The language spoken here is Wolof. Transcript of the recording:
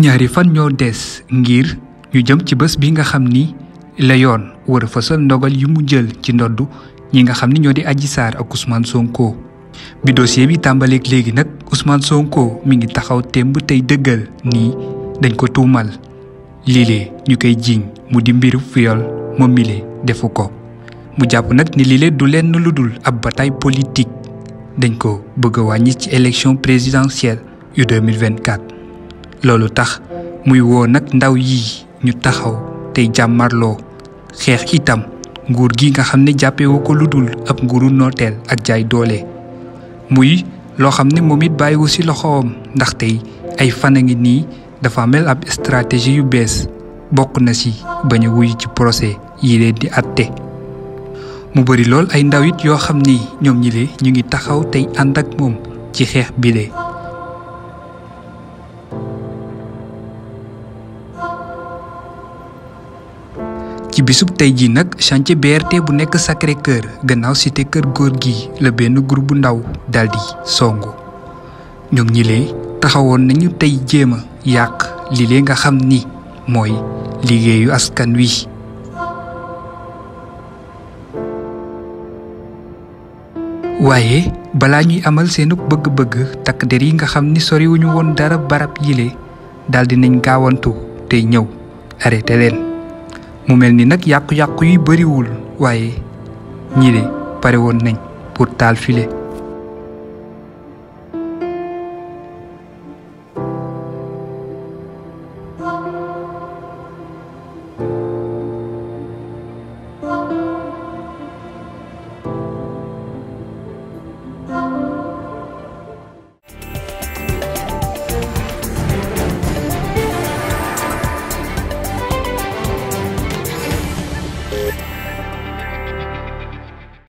ñaari fan ñoo des ngir ñu jëm ci bés bi nga xam ni la yoon war fësal ndogal yi mu jël ci ndodd ñi nga xam ni ñoo di Adji saar ak Ousmane Sonko. bi dossier bi tàmbaleeg léegi nag Ousmane Sonko mi ngi taxaw temb tey dëggal nii dañ ko tuumal lile ñu koy jiiñ mu di mbiru viol moom defu ko. mu jàpp nag ni lile du lenn lu dul ab bataille politique dañ ko bëgg a wàññi ci élection présidentielle yu 2024. loolu tax muy woo nag ndaw yi ñu taxaw tey jàmmarloo xeex itam nguur gi nga xam ne jàppewu ko lu dul ab nguuru nooteel ak jaay doole muy loo xam ne moom it bàyyiwu ci loxoom ndax tey ay fan a ngi nii dafa mel ab stratégie yu bees bokk na ci bañ a ci procès yi leen di àtte mu bëri lool ay ndaw it yoo xam ni ñoom ñi ñu ngi taxaw tey ànd ak moom ci xeex bile ci bisub tey ji nag chantier BRT bu nek Sacré Cœur gannaaw cité Cœur góor gi benn groupe ndaw daldi songu ñom ñi lé taxawon nañu tay jema a li lé nga xam ni moy ligéyu askan wi waaye bala ñuy amal seenu bëgg-bëgg tak der yi nga xam ni wuñu won dara barab lé daldi nañ gaawantu tay ñew arrêté lène mu mel ni nag yàqu-yàqu yi bariwul waaye ñi de pare woon nañ pour taal file